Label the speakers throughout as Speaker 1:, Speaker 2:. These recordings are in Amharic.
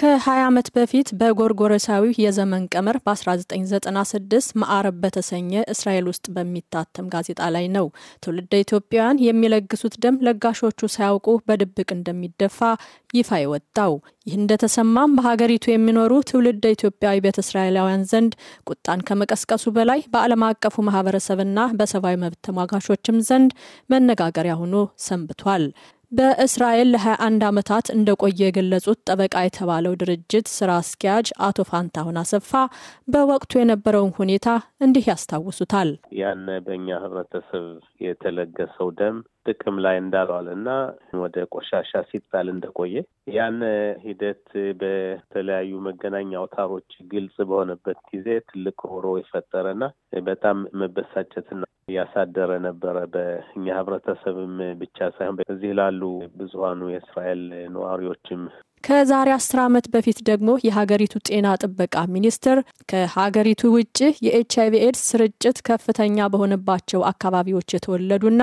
Speaker 1: ከ20 ዓመት በፊት በጎርጎረሳዊ የዘመን ቀመር በ1996 ማዕረብ በተሰኘ እስራኤል ውስጥ በሚታተም ጋዜጣ ላይ ነው። ትውልደ ኢትዮጵያውያን የሚለግሱት ደም ለጋሾቹ ሳያውቁ በድብቅ እንደሚደፋ ይፋ የወጣው። ይህ እንደተሰማም በሀገሪቱ የሚኖሩ ትውልደ ኢትዮጵያዊ ቤተ እስራኤላውያን ዘንድ ቁጣን ከመቀስቀሱ በላይ በዓለም አቀፉ ማህበረሰብና በሰብአዊ መብት ተሟጋቾችም ዘንድ መነጋገሪያ ሆኖ ሰንብቷል። በእስራኤል ለ21 ዓመታት እንደቆየ የገለጹት ጠበቃ የተባለው ድርጅት ስራ አስኪያጅ አቶ ፋንታሁን አሰፋ በወቅቱ የነበረውን ሁኔታ እንዲህ ያስታውሱታል።
Speaker 2: ያን በእኛ ህብረተሰብ የተለገሰው ደም ጥቅም ላይ እንዳልዋለ እና ወደ ቆሻሻ ሲጣል እንደቆየ ያን ሂደት በተለያዩ መገናኛ አውታሮች ግልጽ በሆነበት ጊዜ ትልቅ ሮሮ የፈጠረና በጣም መበሳጨትና እያሳደረ ነበረ። በእኛ ህብረተሰብም ብቻ ሳይሆን በዚህ ላሉ ብዙሀኑ የእስራኤል ነዋሪዎችም
Speaker 1: ከዛሬ አስር ዓመት በፊት ደግሞ የሀገሪቱ ጤና ጥበቃ ሚኒስትር ከሀገሪቱ ውጭ የኤች አይቪ ኤድስ ስርጭት ከፍተኛ በሆነባቸው አካባቢዎች የተወለዱና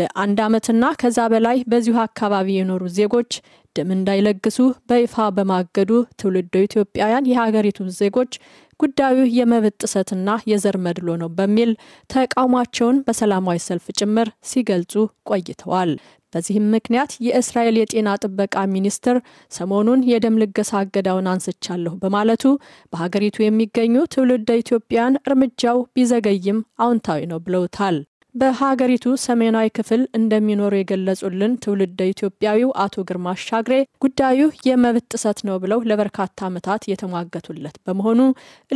Speaker 1: ለአንድ ዓመትና ከዛ በላይ በዚሁ አካባቢ የኖሩ ዜጎች ደም እንዳይለግሱ በይፋ በማገዱ ትውልደ ኢትዮጵያውያን የሀገሪቱን ዜጎች ጉዳዩ የመብት ጥሰትና የዘር መድሎ ነው በሚል ተቃውሟቸውን በሰላማዊ ሰልፍ ጭምር ሲገልጹ ቆይተዋል። በዚህም ምክንያት የእስራኤል የጤና ጥበቃ ሚኒስትር ሰሞኑን የደም ልገሳ እገዳውን አንስቻለሁ በማለቱ በሀገሪቱ የሚገኙ ትውልደ ኢትዮጵያን እርምጃው ቢዘገይም አዎንታዊ ነው ብለውታል። በሀገሪቱ ሰሜናዊ ክፍል እንደሚኖሩ የገለጹልን ትውልደ ኢትዮጵያዊው አቶ ግርማ ሻግሬ ጉዳዩ የመብት ጥሰት ነው ብለው ለበርካታ ዓመታት የተሟገቱለት በመሆኑ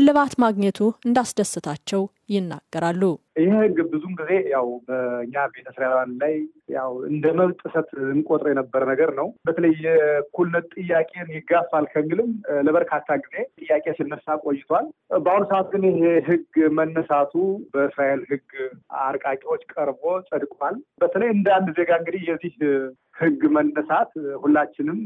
Speaker 1: እልባት ማግኘቱ እንዳስደስታቸው። ይናገራሉ።
Speaker 3: ይህ ህግ ብዙም ጊዜ ያው በእኛ ቤተሰራውያን ላይ ያው እንደ መብት ጥሰት እንቆጥር የነበረ ነገር ነው። በተለይ የእኩልነት ጥያቄን ይጋፋል ከሚልም ለበርካታ ጊዜ ጥያቄ ሲነሳ ቆይቷል። በአሁኑ ሰዓት ግን ይሄ ህግ መነሳቱ በእስራኤል ህግ አርቃቂዎች ቀርቦ ጸድቋል። በተለይ እንደ አንድ ዜጋ እንግዲህ የዚህ ህግ መነሳት ሁላችንም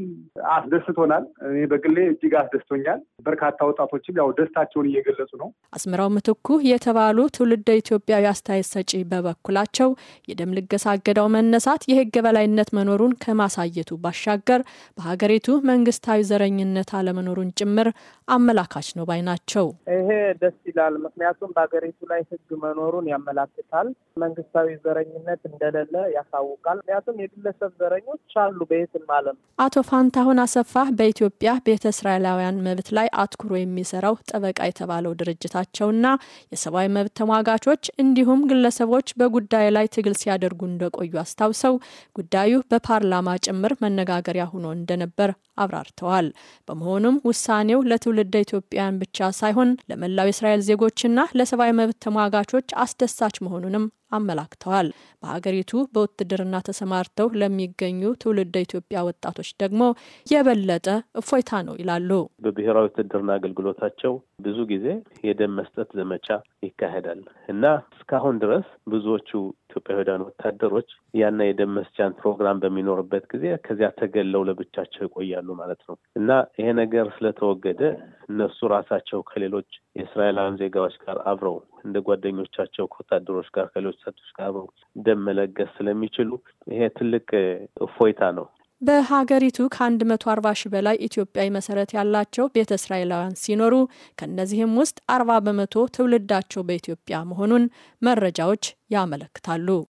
Speaker 3: አስደስቶናል። እኔ በግሌ እጅግ አስደስቶኛል። በርካታ ወጣቶችም ያው ደስታቸውን እየገለጹ ነው።
Speaker 1: አስመራው ምትኩ የተባሉ ትውልደ ኢትዮጵያዊ አስተያየት ሰጪ በበኩላቸው የደም ልገሳ እገዳው መነሳት የህግ በላይነት መኖሩን ከማሳየቱ ባሻገር በሀገሪቱ መንግስታዊ ዘረኝነት አለመኖሩን ጭምር አመላካች ነው ባይ ናቸው።
Speaker 2: ይሄ ደስ ይላል። ምክንያቱም በሀገሪቱ ላይ ህግ መኖሩን ያመላክታል። መንግስታዊ ዘረኝነት እንደሌለ ያሳውቃል። ምክንያቱም የግለሰብ ዘረ ጋዜጠኞች አሉ በየትም ዓለም።
Speaker 1: አቶ ፋንታሁን አሰፋ በኢትዮጵያ ቤተ እስራኤላውያን መብት ላይ አትኩሮ የሚሰራው ጠበቃ የተባለው ድርጅታቸውና የሰብአዊ መብት ተሟጋቾች እንዲሁም ግለሰቦች በጉዳዩ ላይ ትግል ሲያደርጉ እንደቆዩ አስታውሰው ጉዳዩ በፓርላማ ጭምር መነጋገሪያ ሆኖ እንደነበር አብራርተዋል። በመሆኑም ውሳኔው ለትውልደ ኢትዮጵያውያን ብቻ ሳይሆን ለመላው የእስራኤል ዜጎችና ለሰብአዊ መብት ተሟጋቾች አስደሳች መሆኑንም አመላክተዋል። በሀገሪቱ በውትድርና ተሰማርተው ለሚገኙ ትውልደ ኢትዮጵያ ወጣቶች ደግሞ የበለጠ እፎይታ ነው ይላሉ።
Speaker 2: በብሔራዊ ውትድርና አገልግሎታቸው ብዙ ጊዜ የደም መስጠት ዘመቻ ይካሄዳል እና እስካሁን ድረስ ብዙዎቹ ኢትዮጵያውያን ወታደሮች ያና የደም መስጫን ፕሮግራም በሚኖርበት ጊዜ ከዚያ ተገለው ለብቻቸው ይቆያሉ ማለት ነው እና ይሄ ነገር ስለተወገደ እነሱ ራሳቸው ከሌሎች የእስራኤላውያን ዜጋዎች ጋር አብረው እንደ ጓደኞቻቸው ከወታደሮች ጋር ከሌሎች ሰቶች ጋር አብረው ደም መለገስ ስለሚችሉ ይሄ ትልቅ እፎይታ ነው
Speaker 1: በሀገሪቱ ከ140 ሺህ በላይ ኢትዮጵያዊ መሰረት ያላቸው ቤተ እስራኤላውያን ሲኖሩ ከእነዚህም ውስጥ 40 በመቶ ትውልዳቸው በኢትዮጵያ መሆኑን መረጃዎች ያመለክታሉ።